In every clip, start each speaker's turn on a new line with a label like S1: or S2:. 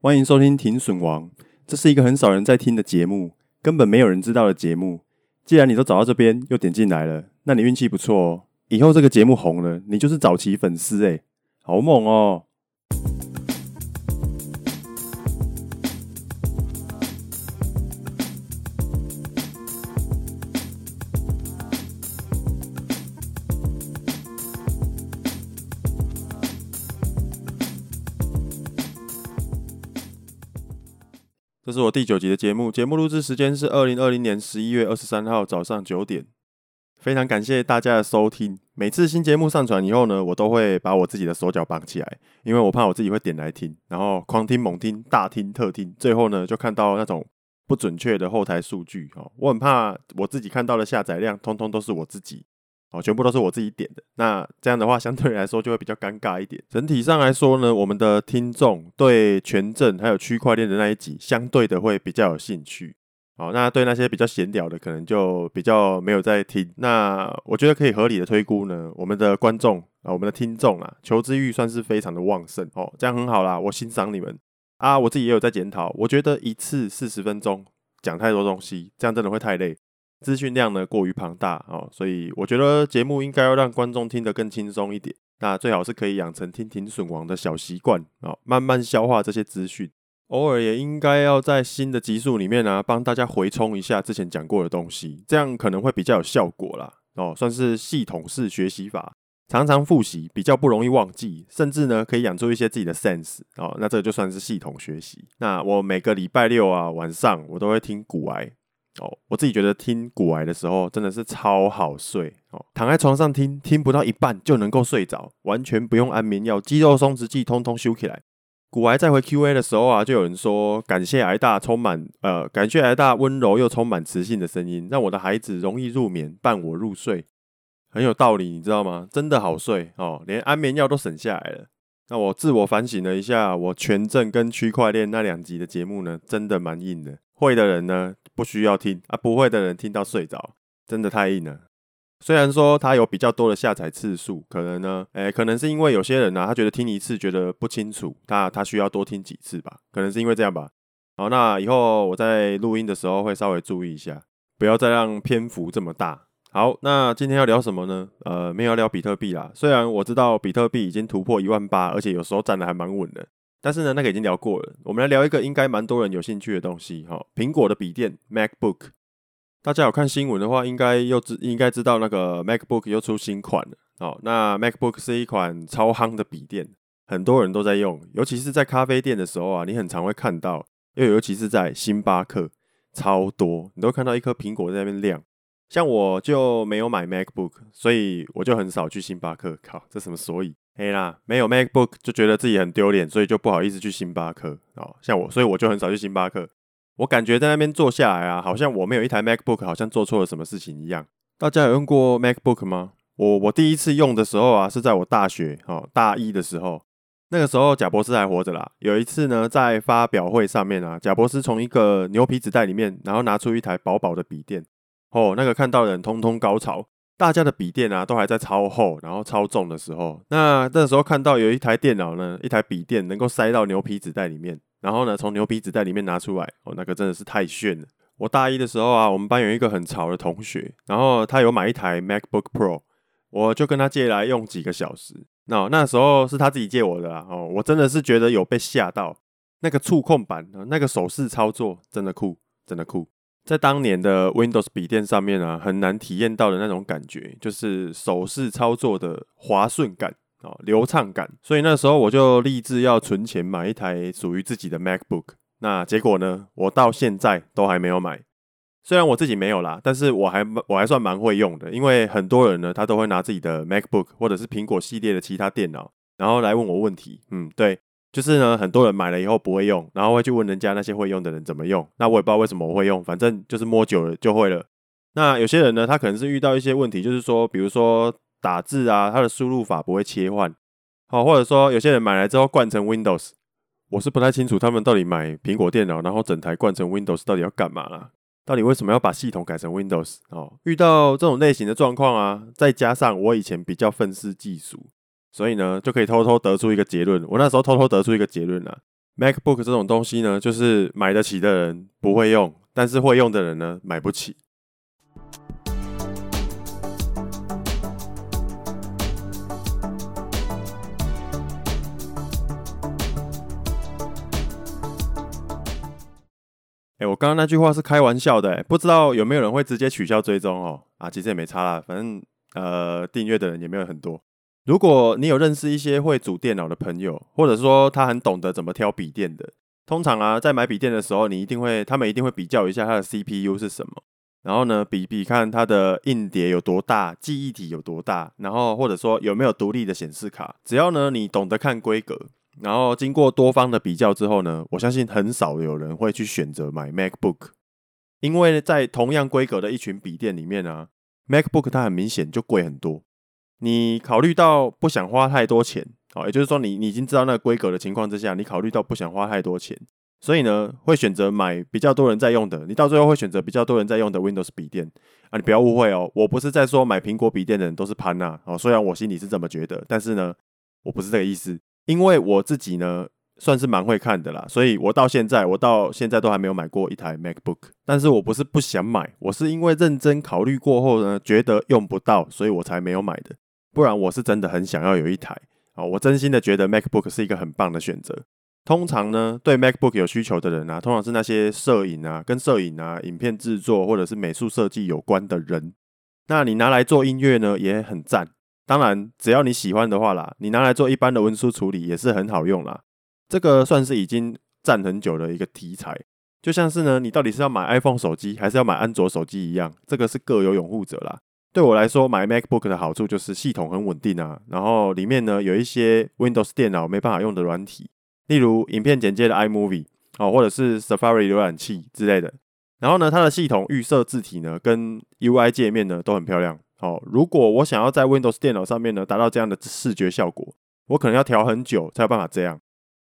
S1: 歡迎收聽《停損王》，這是一個很少人在聽的節目，根本沒有人知道的節目。既然你都找到這邊，又點進來了，那你運氣不錯哦。以後這個節目紅了，你就是早期粉絲誒。好猛哦！是我第九集的節目，節目錄製時間是二零二零年十一月二十三號早上九點。非常感謝大家的收聽。每次新節目上傳以後呢，我都會把我自己的手腳綁起來，因為我怕我自己會點來聽，然後狂聽、猛聽、大聽、特聽，最後呢就看到那種不準確的後台數據哈。我很怕我自己看到的下載量，通通都是我自己。哦，全部都是我自己點的。那這樣的話，相對來說就會比較尷尬一點。整體上來說呢，我們的聽眾對權證還有區塊鏈的那一集，相對的會比較有興趣。好，那對那些比較閒聊的，可能就比較沒有在聽。那我覺得可以合理的推估呢，我們的觀眾啊，我們的聽眾啊，求知慾算是非常的旺盛。哦，這樣很好啦，我欣賞你們啊，我自己也有在檢討。我覺得一次四十分鐘講太多東西，這樣真的會太累。資訊量呢，過於龐大哦，所以我覺得節目應該要讓觀眾聽得更輕鬆一點。那最好是可以養成聽停損王的小習慣哦，慢慢消化這些資訊。偶爾也應該要在新的集數裡面呢、啊，幫大家回衝一下之前講過的東西，這樣可能會比較有效果啦哦，算是系統式學習法，常常複習比較不容易忘記，甚至呢可以養出一些自己的 sense 哦，那這就算是系統學習。那我每個禮拜六啊晚上，我都會聽股癌。哦，我自己覺得聽股癌的時候真的是超好睡哦，躺在床上聽聽不到一半就能夠睡着，完全不用安眠藥，肌肉鬆弛劑通通修起來。股癌再回 Q&A 的時候啊，就有人說感謝癌大充滿呃，感謝癌大溫柔又充滿磁性的聲音，讓我的孩子容易入眠，伴我入睡，很有道理，你知道嗎？真的好睡哦，連安眠藥都省下來了。那我自我反省了一下，我權證跟區塊鏈那兩集的節目呢，真的蠻硬的。會的人呢，不需要聽啊，不會的人聽到睡着，真的太硬了。雖然說他有比較多的下載次數，可能呢、欸，可能是因為有些人呢、啊，他覺得聽一次覺得不清楚，他他需要多聽幾次吧，可能是因為這樣吧。好，那以後我在錄音的時候會稍微注意一下，不要再讓篇幅這麼大。好，那今天要聊什麼呢？呃，沒有聊比特幣啦。雖然我知道比特幣已經突破一萬八，而且有時候站得還蠻穩的。但是呢，那個已經聊過了。我們來聊一個應該蠻多人有興趣的東西哈，哦、蘋果的筆電 Macbook。大家有看新聞的話應該，應該又知應該知道那個 Macbook 又出新款了。好、哦，那 Macbook 是一款超夯的筆電，很多人都在用，尤其是在咖啡店的時候啊，你很常會看到。又尤其是，在星巴克超多，你都看到一顆蘋果在那邊亮。像我就沒有買 Macbook，所以我就很少去星巴克。靠，這是什麼所以？哎、hey、啦，沒有 MacBook 就覺得自己很丟臉，所以就不好意思去星巴克哦。像我，所以我就很少去星巴克。我感覺在那邊坐下來啊，好像我沒有一台 MacBook，好像做錯了什麼事情一樣。大家有用過 MacBook 嗎？我我第一次用的時候啊，是在我大學哦大一的時候，那個時候賈伯斯還活着啦。有一次呢，在發表會上面啊，賈伯斯從一個牛皮紙袋裡面，然後拿出一台薄薄的筆電，哦，那個看到的人通通高潮。大家的筆電啊，都還在超厚，然後超重的時候，那這時候看到有一台電腦呢，一台筆電能夠塞到牛皮紙袋裡面，然後呢，從牛皮紙袋裡面拿出來，哦，那個真的是太炫了。我大一的時候啊，我們班有一個很潮的同學，然後他有買一台 MacBook Pro，我就跟他借來用幾個小時。那那時候是他自己借我的啦，啊，哦，我真的是覺得有被嚇到，那個觸控板，那個手勢操作真的酷，真的酷。在當年的 Windows 筆電上面啊，很難體驗到的那種感覺，就是手勢操作的滑順感哦，流暢感。所以那時候我就立志要存錢買一台屬於自己的 MacBook。那結果呢，我到現在都還沒有買。雖然我自己沒有啦，但是我還我還算蠻會用的，因為很多人呢，他都會拿自己的 MacBook 或者是蘋果系列的其他電腦，然後來問我問題。嗯，對。就是呢，很多人買了以後不會用，然後會去問人家那些會用的人怎麼用。那我也不知道為什麼我會用，反正就是摸久了就會了。那有些人呢，他可能是遇到一些問題，就是說，比如說打字啊，他的輸入法不會切換，好、哦，或者說有些人買來之後換成 Windows，我是不太清楚他們到底買蘋果電腦，然後整台換成 Windows，到底要幹嘛啦、啊，到底為什麼要把系統改成 Windows？哦，遇到這種類型的狀況啊，再加上我以前比較憤世嫉俗。所以呢，就可以偷偷得出一個結論。我那時候偷偷得出一個結論啦，MacBook 這種東西呢，就是買得起的人不會用，但是會用的人呢，買不起。哎，我剛剛那句話是開玩笑的，不知道有沒有人會直接取消追蹤哦？啊，其實也沒差啦，反正呃，訂閱的人也沒有很多。如果你有認識一些會組電腦的朋友，或者說他很懂得怎麼挑筆電的，通常啊，在買筆電的時候，你一定會，他們一定會比較一下它的 CPU 是什麼，然後呢，比一比看它的硬碟有多大，記憶體有多大，然後或者說有沒有獨立的顯示卡。只要呢，你懂得看規格，然後經過多方的比較之後呢，我相信很少有人會去選擇買 MacBook，因為在同樣規格的一群筆電裡面啊，MacBook 它很明顯就貴很多。你考慮到不想花太多錢，哦，也就是說你你已經知道那個規格的情況之下，你考慮到不想花太多錢，所以呢，會選擇買比較多人在用的，你到最後會選擇比較多人在用的 Windows 筆電啊，你不要誤會哦，我不是在說買蘋果筆電的人都是盤啊哦，雖然我心裡是這麼覺得，但是呢，我不是這個意思，因為我自己呢算是蠻會看的啦，所以我到現在我到現在都還沒有買過一台 MacBook，但是我不是不想買，我是因為認真考慮過後呢，覺得用不到，所以我才沒有買的。不然我是真的很想要有一台啊！我真心的覺得 MacBook 是一個很棒的選擇。通常呢，對 MacBook 有需求的人啊，通常是那些攝影啊、跟攝影啊、影片製作或者是美術設計有關的人。那你拿來做音樂呢，也很讚。當然，只要你喜歡的話啦，你拿來做一般的文書處理也是很好用啦。這個算是已經戰很久的一個題材，就像是呢，你到底是要買 iPhone 手機還是要買安卓手機一樣，這個是各有擁護者啦。對我來說，買 MacBook 的好處就是系統很穩定啊。然後裡面呢，有一些 Windows 電腦沒辦法用的軟體，例如影片剪接的 iMovie 哦，或者是 Safari 瀏覽器之類的。然後呢，它的系統預設字體呢，跟 UI 界面呢都很漂亮。如果我想要在 Windows 電腦上面呢達到這樣的視覺效果，我可能要調很久才有辦法這樣。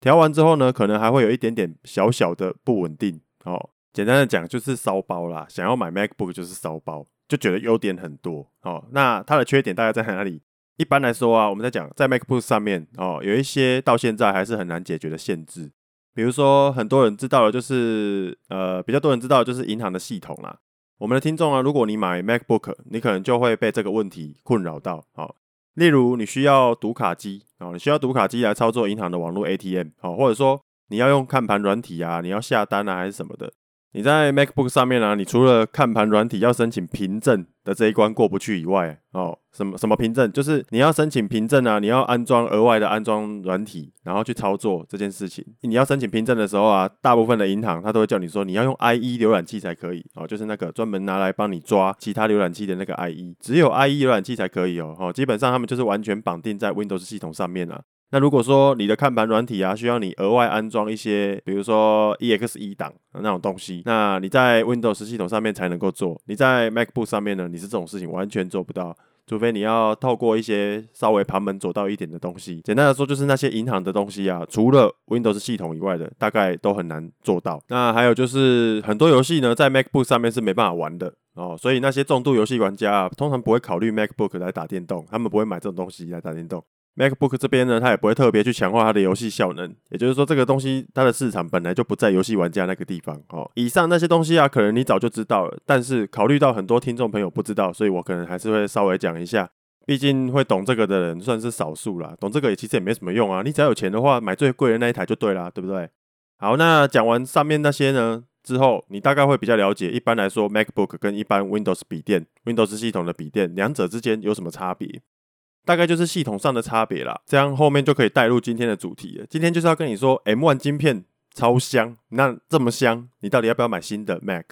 S1: 調完之後呢，可能還會有一點點小小的不穩定。好，簡單的講就是燒包啦。想要買 MacBook 就是燒包。就覺得優點很多哦，那它的缺點大概在哪裡？一般來說啊，我們在講在 MacBook 上面哦，有一些到現在還是很難解決的限制，比如說很多人知道的就是，呃，比較多人知道的就是銀行的系統啦。我們的聽眾啊，如果你買 MacBook，你可能就會被這個問題困擾到，哦。例如你需要讀卡機哦，你需要讀卡機來操作銀行的網絡 ATM 好，哦，或者說你要用看盤軟體啊，你要下單啊還是什麼的。你在 MacBook 上面啊，你除了看盤軟體要申請憑證的這一關過不去以外，哦，什麼什麼憑證？就是你要申請憑證啊，你要安裝額外的安裝軟體，然後去操作這件事情。你要申請憑證的時候啊，大部分的銀行他都會叫你說你要用 IE 瀏覽器才可以哦，就是那個專門拿來幫你抓其他瀏覽器的那個 IE，只有 IE 瀏覽器才可以哦。哦，基本上他們就是完全綁定在 Windows 系統上面啊。那如果說你的看盤軟體啊，需要你額外安裝一些，比如說 EXE 檔那種東西，那你在 Windows 系統上面才能夠做，你在 Macbook 上面呢，你是這種事情完全做不到，除非你要透過一些稍微旁門左道一點的東西，簡單的說就是那些銀行的東西啊，除了 Windows 系統以外的，大概都很難做到。那還有就是很多遊戲呢，在 Macbook 上面是沒辦法玩的哦，所以那些重度遊戲玩家啊，通常不會考慮 Macbook 來打電動，他們不會買這種東西來打電動。MacBook 這邊呢，它也不會特別去強化它的遊戲效能，也就是說，這個東西它的市場本來就不在遊戲玩家那個地方。哦，以上那些東西啊，可能你早就知道了，但是考慮到很多聽眾朋友不知道，所以我可能還是會稍微講一下。畢竟會懂這個的人算是少數啦。懂這個也其實也沒什麼用啊。你只要有錢的話，買最貴的那一台就對啦，對不對？好，那講完上面那些呢之後，你大概會比較了解。一般來說，MacBook 跟一般 Windows 筆電、Windows 系統的筆電兩者之間有什麼差別？大概就是系統上的差別啦，這樣後面就可以帶入今天的主題了。今天就是要跟你說，M1 晶片超香，那這麼香，你到底要不要買新的 Mac？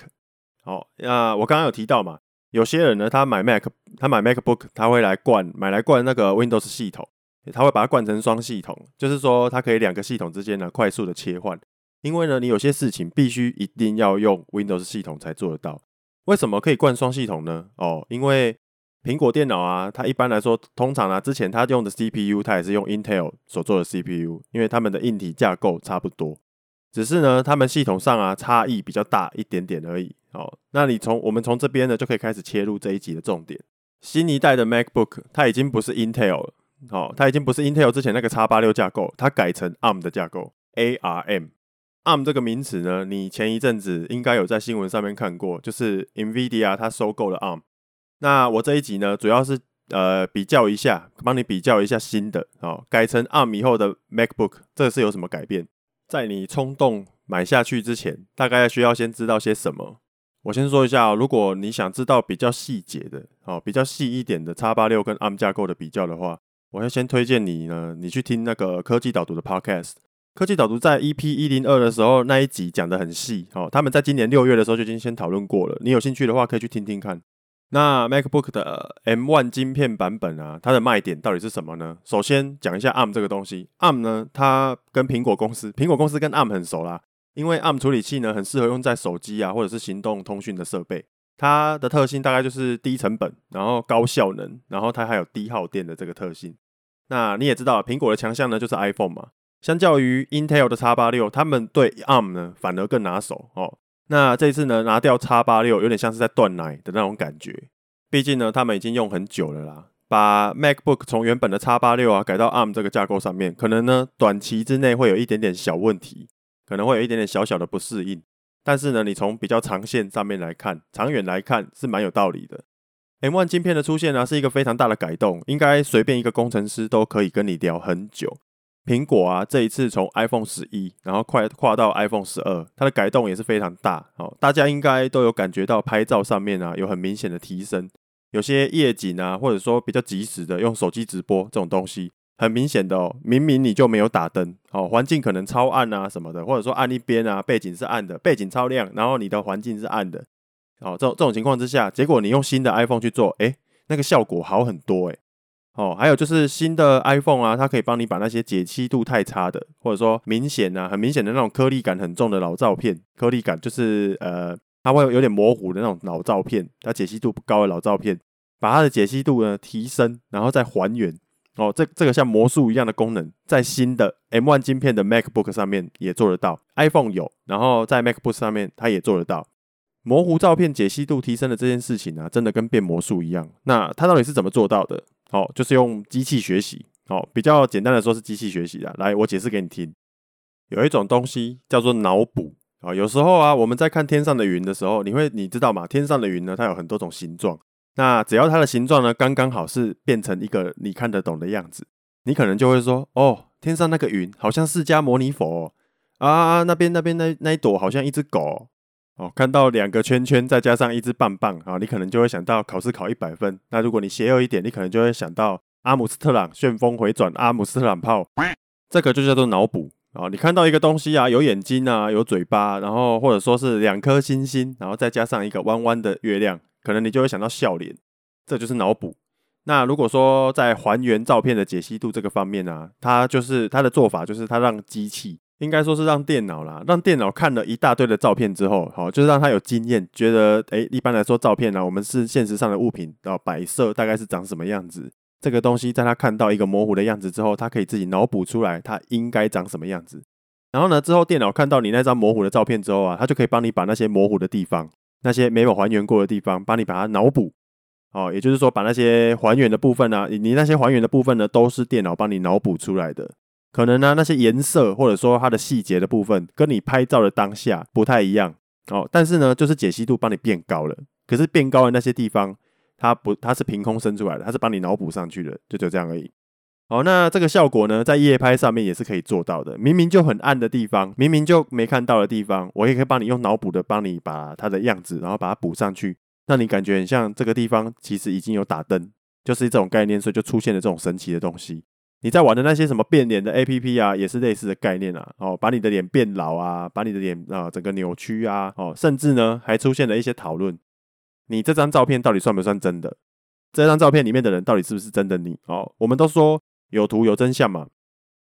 S1: 哦，那，呃，我剛剛有提到嘛，有些人呢，他買 Mac，他買 MacBook，他會來灌，買來灌那個 Windows 系統，他會把它灌成雙系統，就是說它可以兩個系統之間呢快速的切換，因為呢，你有些事情必須一定要用 Windows 系統才做得到。為什麼可以灌雙系統呢？哦，因為。蘋果電腦啊，它一般來說，通常啊，之前它用的 CPU 它也是用 Intel 所做的 CPU，因為它們的硬體架構差不多，只是呢，它們系統上啊差異比較大一點點而已。哦，那你從我們從這邊呢，就可以開始切入這一集的重點。新一代的 MacBook 它已經不是 Intel 了，哦，它已經不是 Intel 之前那個 X86 架構，它改成 ARM 的架構，ARM。ARM 這個名詞呢，你前一陣子應該有在新聞上面看過，就是 NVIDIA 它收購了 ARM。那我這一集呢，主要是呃比較一下，幫你比較一下新的哦，改成 ARM 以後的 MacBook，這是有什麼改變？在你衝動買下去之前，大概需要先知道些什麼？我先說一下哦，如果你想知道比較細節的哦，比較細一點的叉八六跟 ARM 架構的比較的話，我要先推薦你呢，你去聽那個科技導讀的 podcast，科技導讀在 EP 一零二的時候那一集講得很細，哦，他們在今年六月的時候就已經先討論過了。你有興趣的話，可以去聽聽看。那 MacBook 的 M1 晶片版本啊，它的賣點到底是什麼呢？首先講一下 ARM 這個東西。ARM 呢，它跟蘋果公司、蘋果公司跟 ARM 很熟啦，因為 ARM 處理器呢很適合用在手機啊或者是行動通訊的設備。它的特性大概就是低成本，然後高效能，然後它還有低耗電的這個特性。那你也知道，蘋果的強項呢就是 iPhone 嘛，相較於 Intel 的叉八六，他們對 ARM 呢反而更拿手哦。那這次呢，拿掉 X86，有點像是在斷奶的那種感覺。畢竟呢，他們已經用很久了啦。把 MacBook 從原本的 X86 啊改到 ARM 這個架構上面，可能呢短期之內會有一點點小問題，可能會有一點點小小的不適應。但是呢，你從比較長線上面來看，長遠來看是蠻有道理的。M1 晶片的出現呢，是一個非常大的改動，應該隨便一個工程師都可以跟你聊很久。蘋果啊，這一次從 iPhone 十一，然後快跨，跨到 iPhone 十二，它的改動也是非常大，哦。大家應該都有感覺到拍照上面啊，有很明顯的提升。有些夜景啊，或者說比較及時的用手機直播這種東西，很明顯的，哦，明明你就沒有打燈，哦，環境可能超暗啊什麼的，或者說暗一邊啊，背景是暗的，背景超亮，然後你的環境是暗的，哦，這種這種情況之下，結果你用新的 iPhone 去做，哎，那個效果好很多，欸，哎。哦，還有就是新的 iPhone 啊，它可以幫你把那些解析度太差的，或者說明顯啊、很明顯的那種顆粒感很重的老照片，顆粒感就是呃，它會有點模糊的那種老照片，它解析度不高的老照片，把它的解析度呢提升，然後再還原。哦，這這個像魔術一樣的功能，在新的 M1 晶片的 MacBook 上面也做得到，iPhone 有，然後在 MacBook 上面它也做得到。模糊照片解析度提升的這件事情啊，真的跟變魔術一樣。那它到底是怎麼做到的？好、哦，就是用機器學習。好、哦，比較簡單的說，是機器學習的。來，我解釋給你聽。有一種東西叫做腦補啊、哦。有時候啊，我們在看天上的雲的時候，你會你知道嗎？天上的雲呢，它有很多種形狀。那只要它的形狀呢，剛剛好是變成一個你看得懂的樣子，你可能就會說：哦，天上那個雲好像釋迦牟尼佛、哦、啊，那邊那邊那那一朵好像一隻狗、哦。哦，看到兩個圈圈，再加上一只棒棒，啊，你可能就會想到考試考一百分。那如果你邪惡一點，你可能就會想到阿姆斯特朗旋風回轉阿姆斯特朗炮，這個就叫做腦補。啊，你看到一個東西啊，有眼睛啊，有嘴巴，然後或者說是兩顆星星，然後再加上一個彎彎的月亮，可能你就會想到笑臉，這個，就是腦補。那如果說在還原照片的解析度這個方面呢，啊，它就是它的做法就是它讓機器。應該說是讓電腦啦，讓電腦看了一大堆的照片之後，好、哦，就是讓他有經驗，覺得哎，一般來說照片呢、啊，我們是現實上的物品的、啊、擺設大概是長什麼樣子。這個東西在他看到一個模糊的樣子之後，他可以自己腦補出來他應該長什麼樣子。然後呢，之後電腦看到你那張模糊的照片之後啊，它就可以幫你把那些模糊的地方、那些沒，沒有還原過的地方，幫你把它腦補。哦，也就是說，把那些還原的部分呢、啊，你你那些還原的部分呢，都是電腦幫你腦補出來的。可能呢、啊，那些顏色或者說它的細節的部分，跟你拍照的當下不太一樣，哦，但是呢，就是解析度幫你變高了。可是變高的那些地方，它不它是憑空生出來的，它是幫你腦補上去的，就就這樣而已。哦，那這個效果呢，在夜拍上面也是可以做到的。明明就很暗的地方，明明就沒看到的地方，我也可以幫你用腦補的，幫你把它的樣子，然後把它補上去，讓你感覺很像這個地方其實已經有打燈，就是這種概念，所以就出現了這種神奇的東西。你在玩的那些什麼變臉的 APP 啊，也是類似的概念啊，哦，把你的臉變老啊，把你的臉啊，哦，整個扭曲啊，哦，甚至呢還出現了一些討論，你這張照片到底算不算真的？這張照片裡面的人到底是不是真的你？哦，我們都說有圖有真相嘛，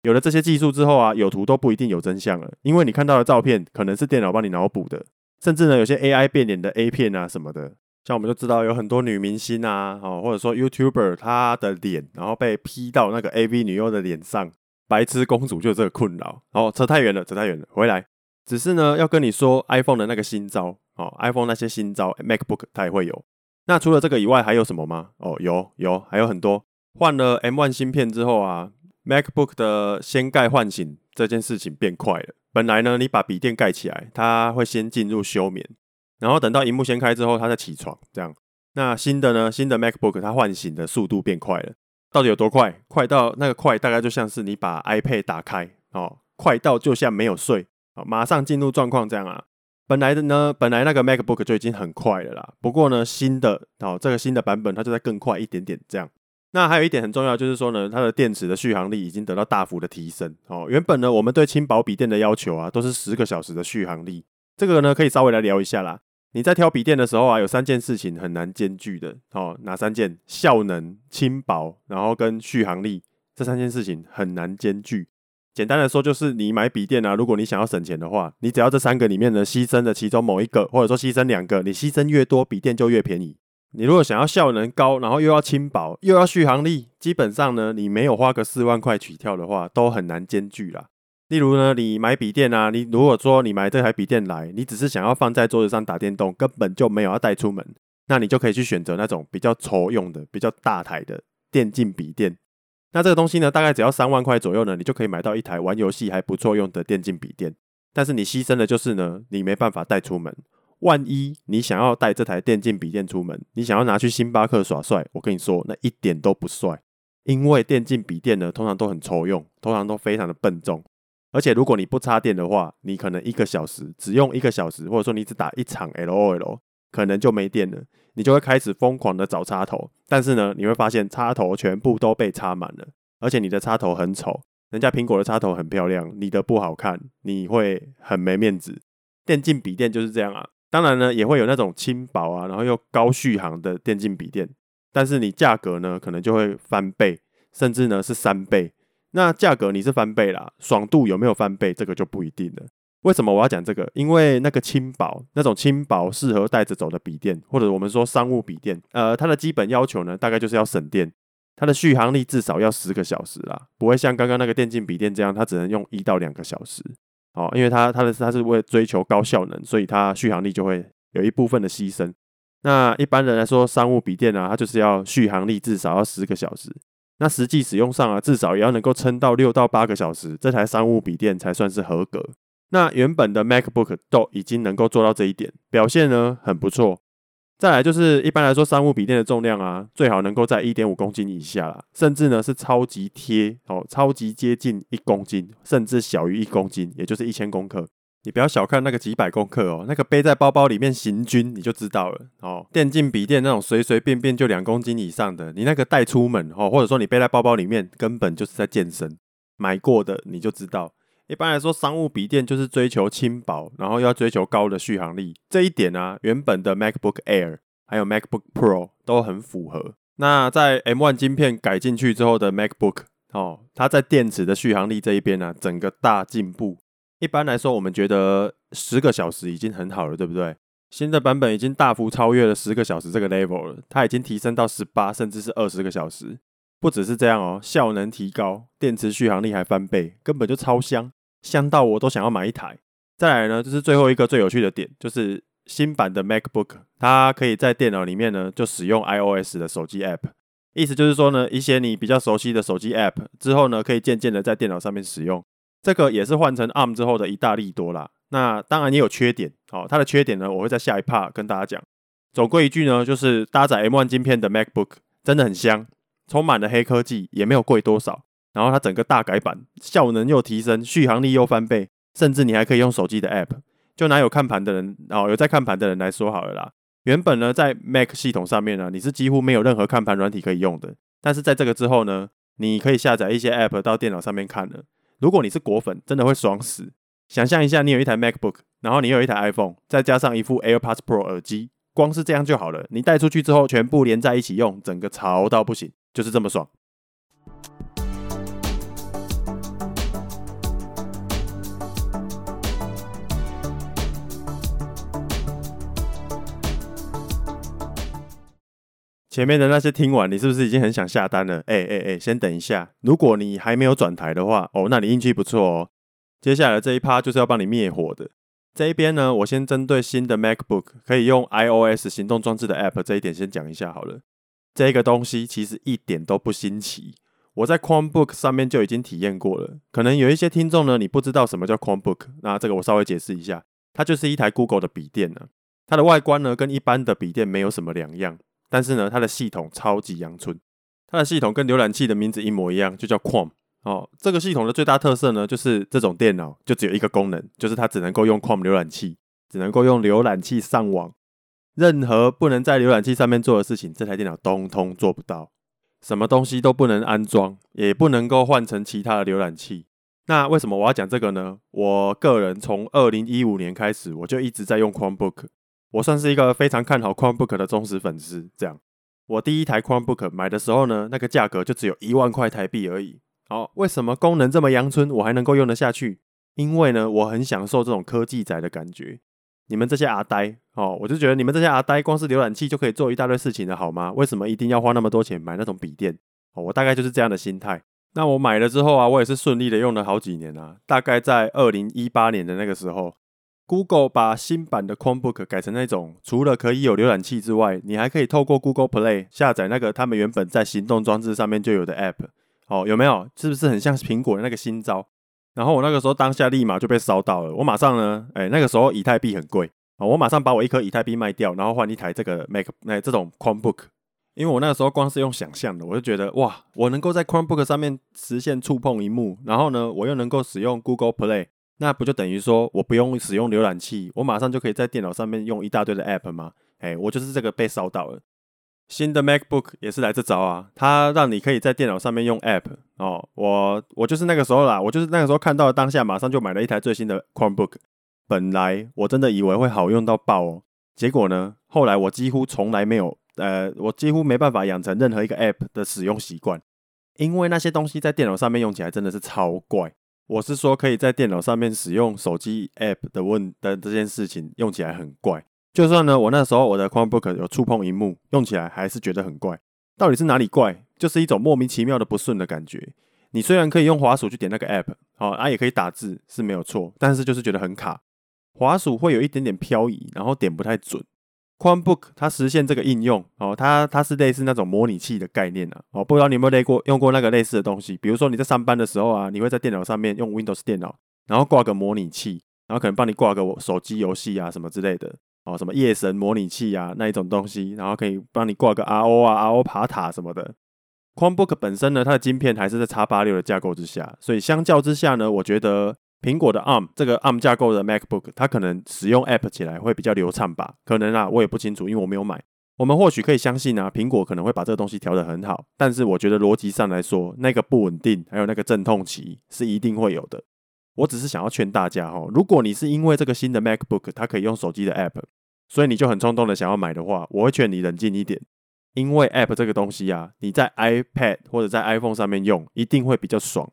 S1: 有了這些技術之後啊，有圖都不一定有真相了，因為你看到的照片可能是電腦幫你腦補的，甚至呢有些 AI 變臉的 A 片啊什麼的。像我們就知道有很多女明星啊，哦，或者說 YouTuber，她的臉，然後被 P 到那個 AV 女優的臉上，白癡公主就有這個困擾。哦，扯太遠了，扯太遠了，回來。只是呢，要跟你說 iPhone 的那個新招，哦，iPhone 那些新招，欸，MacBook 它也會有。那除了這個以外，還有什麼嗎？哦，有，有，還有很多。換了 M1 芯片之後啊，MacBook 的掀蓋喚醒這件事情變快了。本來呢，你把筆電蓋起來，它會先進入休眠。然後等到螢幕掀開之後，它再起床，這樣。那新的呢？新的 MacBook 它喚醒的速度變快了，到底有多快？快到那個快大概就像是你把 iPad 打開哦，快到就像沒有睡，哦，馬上進入狀況這樣啊。本來的呢，本來那個 MacBook 就已經很快了啦。不過呢，新的哦，這個新的版本它就再更快一點點這樣。那還有一點很重要，就是說呢，它的電池的續航力已經得到大幅的提升哦。原本呢，我們對輕薄筆電的要求啊，都是十個小時的續航力，這個呢可以稍微來聊一下啦。你在挑筆電的時候啊，有三件事情很難兼具的哦，哪三件？效能、輕薄，然後跟續航力，這三件事情很難兼具。簡單來說，就是你買筆電啊，如果你想要省錢的話，你只要這三個裡面呢，犧牲了其中某一個，或者說犧牲兩個，你犧牲越多，筆電就越便宜。你如果想要效能高，然後又要輕薄，又要續航力，基本上呢，你沒有花個四萬塊起跳的話，都很難兼具啦。例如呢，你買筆電啊，你如果說你買這台筆電來，你只是想要放在桌子上打電動，根本就沒有要帶出門，那你就可以去選擇那種比較粗勇的、比較大台的電競筆電。那這個東西呢，大概只要三萬塊左右呢，你就可以買到一台玩遊戲還不錯用的電競筆電。但是你犧牲的就是呢，你沒辦法帶出門。萬一你想要帶這台電競筆電出門，你想要拿去星巴克耍帥，我跟你說，那一點都不帥，因為電競筆電呢，通常都很粗勇，通常都非常的笨重。而且如果你不插電的話，你可能一個小時只用一個小時，或者說你只打一場 LOL，可能就沒電了，你就會開始瘋狂的找插頭。但是呢，你會發現插頭全部都被插滿了，而且你的插頭很醜，人家蘋果的插頭很漂亮，你的不好看，你會很沒面子。電競筆電就是這樣啊。當然呢，也會有那種輕薄啊，然後又高續航的電競筆電，但是你價格呢，可能就會翻倍，甚至呢是三倍。那價格你是翻倍啦，爽度有沒有翻倍？這個就不一定了。為什麼我要講這個？因為那個輕薄，那種輕薄適合帶着走的筆電，或者我們說商務筆電，呃，它的基本要求呢，大概就是要省電，它的續航力至少要十個小時啦，不會像剛剛那個電競筆電這樣，它只能用一到兩個小時。哦，因為它它的是它是為追求高效能，所以它續航力就會有一部分的犧牲。那一般人來說，商務筆電呢、啊，它就是要續航力至少要十個小時。那實際使用上啊，至少也要能夠撐到六到八個小時，這台商務筆電才算是合格。那原本的 MacBook 都已經能夠做到這一點，表現呢很不錯。再來就是一般來說商務筆電的重量啊，最好能夠在一點五公斤以下啦，甚至呢是超級貼哦，超級接近一公斤，甚至小於一公斤，也就是一千公克。你不要小看那個幾百公克哦，那個背在包包裡面行軍你就知道了哦。電競筆電那種隨隨便便就兩公斤以上的，你那個帶出門哦，或者說你背在包包裡面，根本就是在健身。買過的你就知道，一般來說商務筆電就是追求輕薄，然後要追求高的續航力。這一點啊，原本的 Macbook Air 還有 Macbook Pro 都很符合。那在 M1 晶片改進去之後的 Macbook 哦，它在電池的續航力這一邊呢、啊，整個大進步。一般來說，我們覺得十個小時已經很好了，對不對？新的版本已經大幅超越了十個小時這個 level 了，它已經提升到十八，甚至是二十個小時。不只是這樣哦，效能提高，電池續航力還翻倍，根本就超香，香到我都想要買一台。再來呢，就是最後一個最有趣的點，就是新版的 MacBook，它可以在電腦裡面呢，就使用 iOS 的手機 app，意思就是說呢，一些你比較熟悉的手機 app 之後呢，可以漸漸的在電腦上面使用。這個也是換成 ARM 之後的一大利多啦。那當然也有缺點，好、哦，它的缺點呢，我會在下一趴跟大家講。總歸一句呢，就是搭載 M1 晶片的 MacBook 真的很香，充滿了黑科技，也沒有貴多少。然後它整個大改版，效能又提升，續航力又翻倍，甚至你還可以用手機的 App。就拿有看盤的人、哦，有在看盤的人來說好了啦。原本呢，在 Mac 系統上面呢、啊，你是幾乎沒有任何看盤軟體可以用的。但是在這個之後呢，你可以下載一些 App 到電腦上面看了。如果你是果粉，真的會爽死。想象一下，你有一台 MacBook，然後你有一台 iPhone，再加上一副 AirPods Pro 耳機，光是這樣就好了。你帶出去之後，全部連在一起用，整個潮到不行，就是這麼爽。前面的那些聽完，你是不是已經很想下單了？哎哎哎，先等一下，如果你還沒有轉台的話，哦，那你運氣不錯哦。接下來的這一趴就是要幫你滅火的。這邊呢，我先針對新的 MacBook 可以用 iOS 行動裝置的 App 這一點先講一下好了。這個東西其實一點都不新奇，我在 Chromebook 上面就已經體驗過了。可能有一些聽眾呢，你不知道什麼叫 Chromebook，那這個我稍微解釋一下，它就是一台 Google 的筆電呢、啊。它的外觀呢，跟一般的筆電沒有什麼兩樣。但是呢，它的系統超級陽春，它的系統跟瀏覽器的名字一模一樣，就叫 Chrome 哦，這個系統的最大特色呢，就是這種電腦就只有一個功能，就是它只能夠用 Chrome 瀏覽器，只能夠用瀏覽器上網。任何不能在瀏覽器上面做的事情，這台電腦通通做不到，什麼東西都不能安裝，也不能夠換成其他的瀏覽器。那為什麼我要講這個呢？我個人從二零一五年開始，我就一直在用 Chromebook。我算是一個非常看好 Chromebook 的忠實粉絲。這樣，我第一台 Chromebook 買的時候呢，那個價格就只有一萬塊台幣而已。好，哦，為什麼功能這麼陽春，我還能夠用得下去？因為呢，我很享受這種科技宅的感覺。你們這些阿呆，哦，我就覺得你們這些阿呆，光是瀏覽器就可以做一大堆事情了，好嗎？為什麼一定要花那麼多錢買那種筆電？哦，我大概就是這樣的心態。那我買了之後啊，我也是順利的用了好幾年啊。大概在二零一八年的那個時候。Google 把新版的 Chromebook 改成那種，除了可以有瀏覽器之外，你還可以透過 Google Play 下載那個他們原本在行動裝置上面就有的 App。哦，有沒有？是不是很像蘋果的那個新招？然後我那個時候當下立馬就被燒到了，我馬上呢，誒、欸，那個時候以太幣很貴啊、哦，我馬上把我一顆以太幣賣掉，然後換一台這個 Mac 那、欸、這種 Chromebook。因為我那個時候光是用想象的，我就覺得哇，我能夠在 Chromebook 上面實現觸碰螢幕，然後呢，我又能夠使用 Google Play。那不就等於說，我不用使用瀏覽器，我馬上就可以在電腦上面用一大堆的 App 嗎？哎、欸，我就是這個被燒到了。新的 MacBook 也是來這招啊，它讓你可以在電腦上面用 App 哦。我我就是那個時候啦，我就是那個時候看到當下，馬上就買了一台最新的 Chromebook。本來我真的以為會好用到爆哦，結果呢，後來我幾乎從來沒有，呃，我幾乎沒辦法養成任何一個 App 的使用習慣，因為那些東西在電腦上面用起來真的是超怪。我是說，可以在電腦上面使用手機 App 的問的這件事情，用起來很怪。就算呢，我那時候我的 Chromebook 有觸碰熒幕，用起來還是覺得很怪。到底是哪裡怪？就是一種莫名其妙的不順的感覺。你雖然可以用滑鼠去點那個 App，好，啊，啊也可以打字是沒有錯，但是就是覺得很卡。滑鼠會有一點點漂移，然後點不太準。Chromebook 它實現這個應用哦，它它是類似那種模擬器的概念啊。哦，不知道你有沒有用過用過那個類似的東西，比如說你在上班的時候啊，你會在電腦上面用 Windows 電腦，然後掛個模擬器，然後可能幫你掛個手機遊戲啊什麼之類的哦，什麼夜神模擬器啊那一種東西，然後可以幫你掛個 RO 啊 RO 爬塔什麼的。Chromebook 本身呢，它的晶片還是在 X86 的架構之下，所以相較之下呢，我覺得。蘋果的 ARM，這個 ARM 架構的 MacBook，它可能使用 App 起來會比較流暢吧？可能啊，我也不清楚，因為我沒有買。我們或許可以相信啊，蘋果可能會把這個東西調得很好。但是我覺得邏輯上來說，那個不穩定還有那個陣痛期是一定會有的。我只是想要勸大家哦，如果你是因為這個新的 MacBook，它可以用手機的 App，所以你就很衝動的想要買的話，我會勸你冷靜一點。因為 App 這個東西啊，你在 iPad 或者在 iPhone 上面用，一定會比較爽。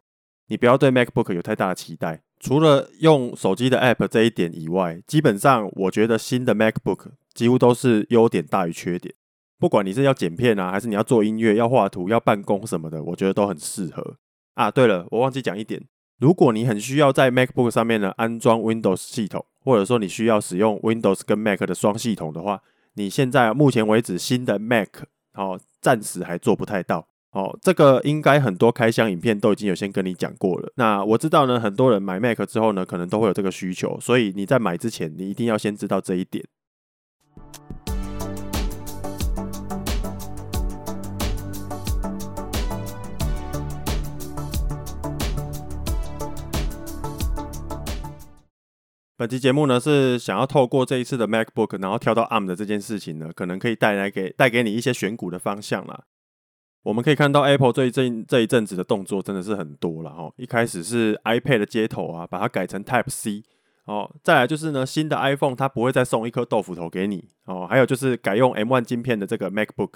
S1: 你不要對 MacBook 有太大的期待。除了用手機的 App 這一點以外，基本上我覺得新的 MacBook 幾乎都是優點大於缺點。不管你是要剪片啊，還是你要做音樂、要畫圖、要辦公什麼的，我覺得都很適合。啊，對了，我忘記講一點，如果你很需要在 MacBook 上面呢，安裝 Windows 系統，或者說你需要使用 Windows 跟 Mac 的雙系統的話，你現在目前為止新的 Mac 哦，暫時還做不太到。哦，這個應該很多開箱影片都已經有先跟你講過了。那我知道呢，很多人買 Mac 之後呢，可能都會有這個需求，所以你在買之前，你一定要先知道這一點。本期節目呢，是想要透過這一次的 MacBook，然後跳到 ARM 的這件事情呢，可能可以帶來給帶給你一些選股的方向啦。我們可以看到，Apple 最近這一陣子的動作真的是很多了哦。一開始是 iPad 的接頭啊，把它改成 Type C，哦，再來就是呢，新的 iPhone 它不會再送一顆豆腐頭給你哦，還有就是改用 M1 晶片的這個 MacBook，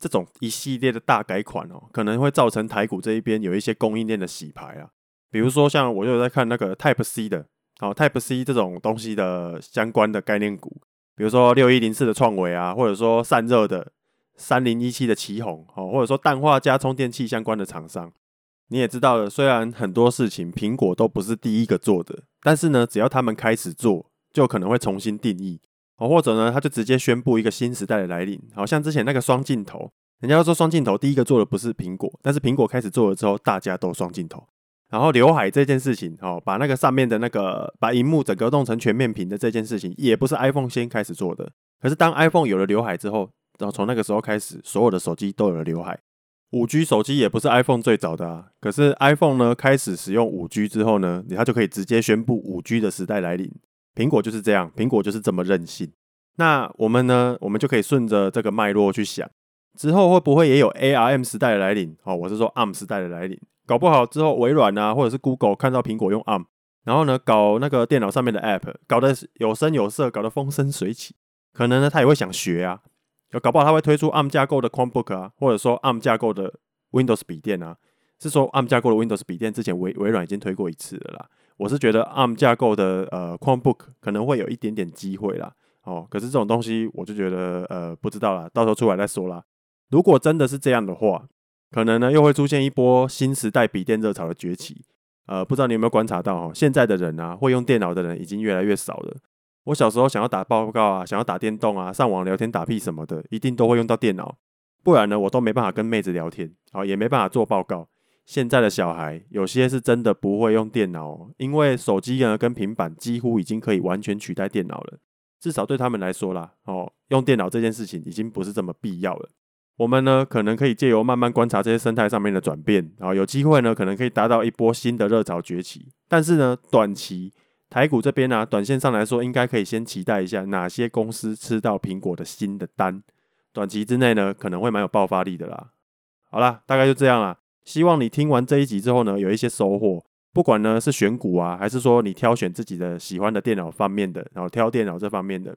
S1: 這種一系列的大改款哦，可能會造成台股這一邊有一些供應鏈的洗牌啊。比如說像我就在看那個 Type C 的，哦，Type C 這種東西的相關的概念股，比如說六一零四的創惟啊，或者說散熱的。三零一七的奇鋐哦，或者說氮化鎵充電器相關的廠商，你也知道了。雖然很多事情蘋果都不是第一個做的，但是呢，只要他們開始做，就可能會重新定義哦，或者呢，他就直接宣布一個新時代的來臨。好像之前那個雙鏡頭，人家都說雙鏡頭，第一個做的不是蘋果，但是蘋果開始做了之後，大家都雙鏡頭。然後劉海這件事情哦，把那個上面的那個把熒幕整個弄成全面屏的這件事情，也不是 iPhone 先開始做的。可是當 iPhone 有了劉海之後，然後從那個時候開始，所有的手機都有了劉海。五 G 手機也不是 iPhone 最早的啊，可是 iPhone 呢開始使用五 G 之後呢，它就可以直接宣布五 G 的時代來臨。蘋果就是這樣，蘋果就是這麼任性。那我們呢，我們就可以順着這個脈絡去想，之後會不會也有 ARM 時代的來臨？哦，我是說 ARM 時代的來臨。搞不好之後微軟啊，或者是 Google 看到蘋果用 ARM，然後呢搞那個電腦上面的 App，搞得有聲有色，搞得風生水起，可能呢他也會想學啊。要搞不好他會推出 ARM 架構的 Chromebook 啊，或者說 ARM 架構的 Windows 筆電啊，是說 ARM 架構的 Windows 筆電之前微微軟已經推過一次了啦。我是覺得 ARM 架構的呃 Chromebook 可能會有一點點機會啦，哦，可是這種東西我就覺得呃不知道啦，到時候出來再說啦。如果真的是這樣的話，可能呢又會出現一波新時代筆電熱潮的崛起。呃，不知道你有沒有觀察到哈，現在的人啊會用電腦的人已經越來越少了。我小時候想要打報告啊，想要打電動啊，上網聊天打屁什麼的，一定都會用到電腦。不然呢，我都沒辦法跟妹子聊天，啊，也沒辦法做報告。現在的小孩有些是真的不會用電腦，因為手機呢跟平板幾乎已經可以完全取代電腦了。至少對他們來說啦，哦，用電腦這件事情已經不是這麼必要了。我們呢可能可以借由慢慢觀察這些生態上面的轉變，啊，有機會呢可能可以達到一波新的熱潮崛起。但是呢，短期，台股這邊呢、啊，短線上來說，應該可以先期待一下哪些公司吃到蘋果的新的單，短期之內呢，可能會蠻有爆發力的啦。好啦，大概就這樣啦，希望你聽完這一集之後呢，有一些收穫。不管呢是選股啊，還是說你挑選自己的喜歡的電腦方面的，然後挑電腦這方面的，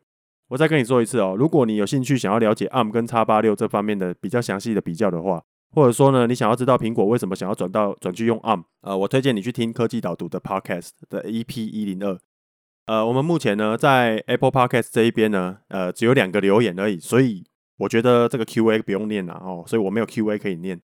S1: 我再跟你說一次哦、喔。如果你有興趣想要了解 ARM 跟叉八六這方面的比較詳細的比較的話。或者說呢，你想要知道蘋果為什麼想要轉到轉去用 ARM？呃，我推薦你去聽科技導讀的 Podcast 的 EP 一零二。呃，我們目前呢在 Apple Podcast 這一邊呢，呃，只有兩個留言而已，所以我覺得這個 QA 不用念啦哦，所以我沒有 QA 可以念。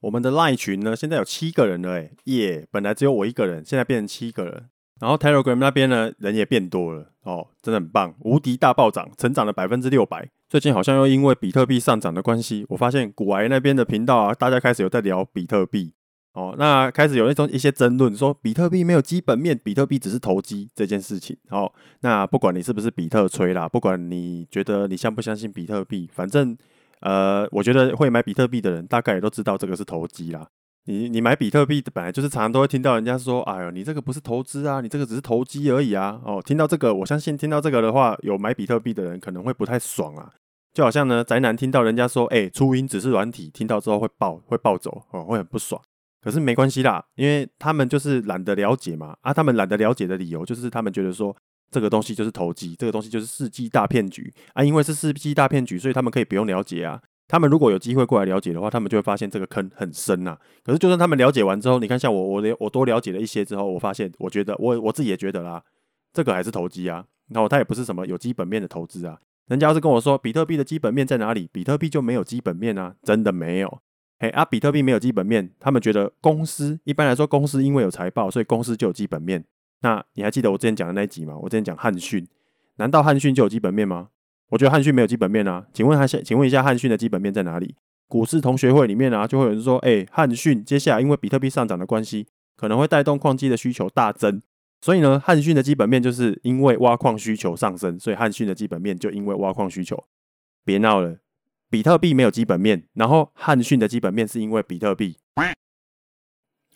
S1: 我們的 LINE 群呢，現在有七個人了，耶！本來只有我一個人，現在變成七個人。然後 Telegram 那邊呢，人也變多了哦，真的很棒，無敵大暴漲，成長了百分之六百。最近好像又因為比特幣上漲的關係，我發現股癌那邊的頻道啊，大家開始有在聊比特幣哦。那開始有那種一些爭論說，說比特幣沒有基本面，比特幣只是投機這件事情。哦。那不管你是不是比特吹啦，不管你覺得你相不相信比特幣，反正呃，我覺得會買比特幣的人大概也都知道這個是投機啦。你你買比特幣，本來就是常常都會聽到人家說，哎呀，你這個不是投資啊，你這個只是投機而已啊。哦，聽到這個，我相信聽到這個的話，有買比特幣的人可能會不太爽啊。就好像呢，宅男聽到人家說，哎、欸，初音只是軟體，聽到之後會爆，會爆走，哦，會很不爽。可是沒關係啦，因為他們就是懶得了解嘛。啊，他們懶得了解的理由就是他們覺得說，這個東西就是投機，這個東西就是世紀大騙局啊。因為是世紀大騙局，所以他們可以不用了解啊。他們如果有機會過來了解的話，他們就會發現這個坑很深吶、啊。可是就算他們了解完之後，你看像我，我連我多了解了一些之後，我發現，我覺得我我自己也覺得啦，這個還是投機啊。然後他也不是什麼有基本面的投資啊。人家要是跟我說比特幣的基本面在哪裡，比特幣就沒有基本面啊，真的沒有。哎啊，比特幣沒有基本面，他們覺得公司一般來說，公司因為有財報，所以公司就有基本面。那你還記得我之前講的那一集嗎？我之前講撼訊，難道撼訊就有基本面嗎？我覺得撼訊沒有基本面啊。請問漢，請問一下撼訊的基本面在哪裡？股市同學會裡面啊，就會有人說，哎、欸，撼訊接下來因為比特幣上漲的關係，可能會帶動礦機的需求大增。所以呢，撼訊的基本面就是因為挖礦需求上升，所以撼訊的基本面就因為挖礦需求。別鬧了，比特幣沒有基本面，然後撼訊的基本面是因為比特幣。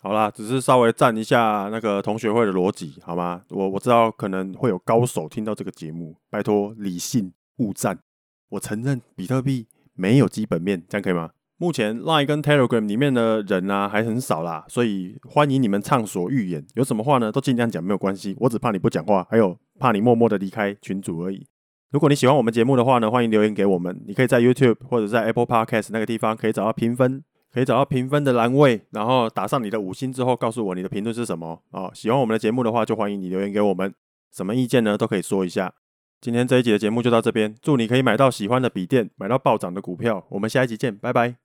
S1: 好啦，只是稍微贊一下那個同學會的邏輯，好嗎？我我知道可能會有高手聽到這個節目，拜託理性勿戰。我承認比特幣沒有基本面，這樣可以嗎？目前 Line 跟 Telegram 裡面的人吶、啊、還很少啦，所以歡迎你們暢所欲言，有什麼話呢都儘量講，沒有關係。我只怕你不講話，還有怕你默默地離開群組而已。如果你喜歡我們節目的話呢，歡迎留言給我們。你可以在 YouTube 或者在 Apple Podcast 那個地方可以找到評分，可以找到評分的欄位，然後打上你的五星之後，告訴我你的評論是什麼啊、哦。喜歡我們的節目的話，就歡迎你留言給我們，什麼意見呢都可以說一下。今天這一集的節目就到這邊，祝你可以買到喜歡的筆電，買到暴漲的股票。我們下一集見，拜拜。